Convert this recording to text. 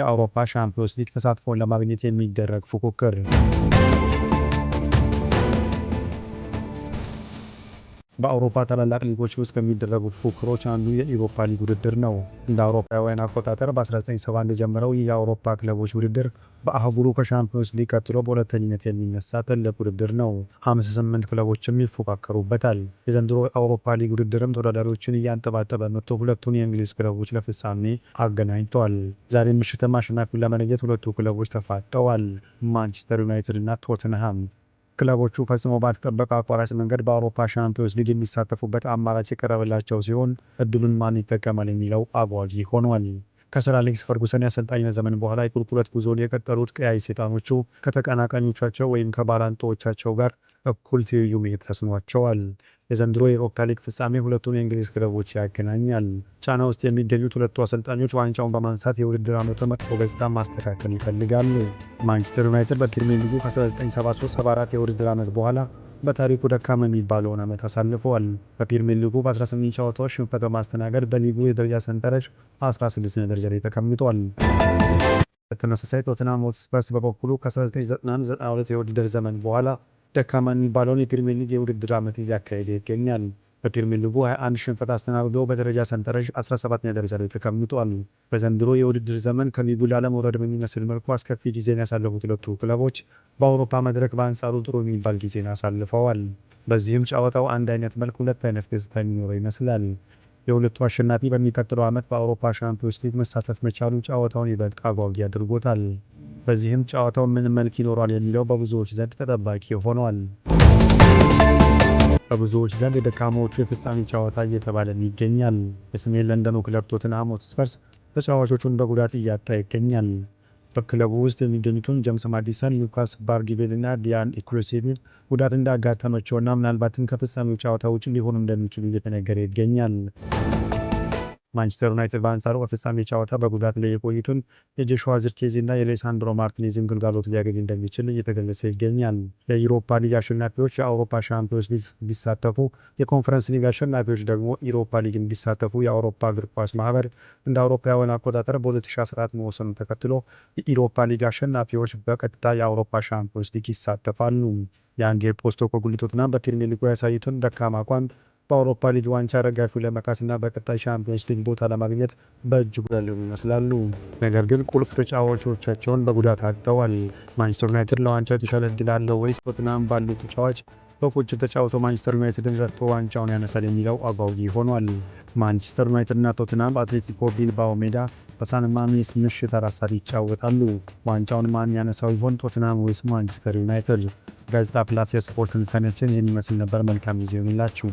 የአውሮፓ ሻምፒዮንስ ሊግ ተሳትፎን ለማግኘት የሚደረግ ፉክክር በአውሮፓ ታላላቅ ሊጎች ውስጥ ከሚደረጉ ፉክክሮች አንዱ የኢሮፓ ሊግ ውድድር ነው። እንደ አውሮፓውያን አቆጣጠር በ1970 የጀመረው ይህ የአውሮፓ ክለቦች ውድድር በአህጉሩ ከሻምፒዮንስ ሊግ ቀጥሎ በሁለተኝነት የሚነሳ ትልቅ ውድድር ነው። 58 ክለቦችም ይፎካከሩበታል። የዘንድሮ የአውሮፓ ሊግ ውድድርም ተወዳዳሪዎችን እያንጠባጠበ መጥቶ ሁለቱን የእንግሊዝ ክለቦች ለፍጻሜ አገናኝቷል። ዛሬ ምሽትም አሸናፊውን ለመለየት ሁለቱ ክለቦች ተፋጠዋል። ማንቸስተር ዩናይትድ እና ቶትንሃም ክለቦቹ ፈጽሞ ባልተጠበቀ አቋራጭ መንገድ በአውሮፓ ሻምፒዮንስ ሊግ የሚሳተፉበት አማራጭ የቀረበላቸው ሲሆን እድሉን ማን ይጠቀማል የሚለው አጓጊ ሆኗል። ከሰር አሌክስ ፈርጉሰን የአሰልጣኝነት ዘመን በኋላ የቁልቁለት ጉዞን የቀጠሉት ቀያይ ሰይጣኖቹ ከተቀናቃኞቻቸው ወይም ከባላንጦዎቻቸው ጋር እኩል ትይዩ ሜት ተስኗቸዋል። የዘንድሮ የኤሮፓ ሊግ ፍጻሜ ሁለቱን የእንግሊዝ ክለቦች ያገናኛል። ጫና ውስጥ የሚገኙት ሁለቱ አሰልጣኞች ዋንጫውን በማንሳት የውድድር ዓመቱን መጥፎ ገጽታ ማስተካከል ይፈልጋሉ። ማንቸስተር ዩናይትድ በፕሪሚየር ሊጉ ከ1973/74 የውድድር ዓመት በኋላ በታሪኩ ደካማ የሚባለውን ዓመት አሳልፈዋል። በፕሪሚየር ሊጉ በ18 ጨዋታዎች ሽንፈት በማስተናገድ በሊጉ የደረጃ ሰንጠረዥ 16ኛ ደረጃ ላይ ተቀምጧል። በተመሳሳይ ቶትናም ሆትስፐርስ በበኩሉ ከ1991/92 የውድድር ዘመን በኋላ ደካማ የሚባለውን የፕሪሚየር ሊግ የውድድር ዓመት እያካሄደ ይገኛል። በፕሪሚየር ሊጉ 21 ሽንፈት አስተናግዶ በደረጃ ሰንጠረዥ 17ኛ ደረጃ ላይ ተቀምጧል። በዘንድሮ የውድድር ዘመን ከሊጉ ላለመውረድ በሚመስል መልኩ አስከፊ ጊዜን ያሳለፉት ሁለቱ ክለቦች በአውሮፓ መድረክ በአንጻሩ ጥሩ የሚባል ጊዜን አሳልፈዋል። በዚህም ጨዋታው አንድ አይነት መልክ ሁለት አይነት ገጽታ የሚኖረው ይመስላል። የሁለቱ አሸናፊ በሚቀጥለው ዓመት በአውሮፓ ሻምፒዮንስ ሊግ መሳተፍ መቻሉ ጨዋታውን ይበልጥ አጓጊ አድርጎታል። በዚህም ጨዋታው ምን መልክ ይኖሯል የሚለው በብዙዎች ዘንድ ተጠባቂ ሆኗል። በብዙዎች ዘንድ የደካማዎቹ የፍጻሜ ጨዋታ እየተባለ ይገኛል። የሰሜን ለንደኑ ክለብ ቶትንሃም ሆትስፐርስ ተጫዋቾቹን በጉዳት እያጣ ይገኛል። በክለቡ ውስጥ የሚገኙትን ጀምስ ማዲሰን፣ ሉካስ ባርጊቤል እና ዲያን ኢኩሬሲቪን ጉዳት እንዳጋጠማቸውና ምናልባትም ከፍጻሜው ጨዋታ ውጭ ሊሆኑ እንደሚችሉ እየተነገረ ይገኛል። ማንቸስተር ዩናይትድ በአንጻሩ በፍጻሜ ጨዋታ በጉዳት ላይ የቆይቱን የጆሹዋ ዚርክዜ የሌሳንድሮ ማርቲኔዝን ግልጋሎት ሊያገኝ እንደሚችል እየተገለጸ ይገኛል። የዩሮፓ ሊግ አሸናፊዎች የአውሮፓ ሻምፒዮንስ ሊግ ቢሳተፉ፣ የኮንፈረንስ ሊግ አሸናፊዎች ደግሞ ኢሮፓ ሊግን ቢሳተፉ የአውሮፓ እግር ኳስ ማህበር እንደ አውሮፓውያን አቆጣጠር በ2014 መወሰኑ ተከትሎ የኢሮፓ ሊግ አሸናፊዎች በቀጥታ የአውሮፓ ሻምፒዮንስ ሊግ ይሳተፋሉ። የአንጌ ፖስቶ ኮጉሊቶትና በፕሪሚየር ሊጉ ያሳዩትን ደካማ አቋም በአውሮፓ ሊግ ዋንጫ ደጋፊው ለመካስና በቀጣይ ሻምፒዮንስ ሊግ ቦታ ለማግኘት በእጅጉ ሊሆኑ ይመስላሉ። ነገር ግን ቁልፍ ተጫዋቾቻቸውን በጉዳት አጥተዋል። ማንቸስተር ዩናይትድ ለዋንጫ የተሻለ እድል አለው ወይስ ቶትናም ባሉ ተጫዋች በቁጭት ተጫውቶ ማንቸስተር ዩናይትድን ረትቶ ዋንጫውን ያነሳል የሚለው አጓጊ ሆኗል። ማንቸስተር እና ቶትናም አትሌቲኮ ቢልባኦ ሜዳ ማሜስ ምሽት አራት ሰዓት ይጫወታሉ። ዋንጫውን ማን ያነሳው ይሆን? ቶትናም ወይስ ማንቸስተር ዩናይትድ? ጋዜጣ ፕላስ የስፖርት ኢንተርኔትን ይህን ይመስል ነበር። መልካም ጊዜ ይሁንላችሁ።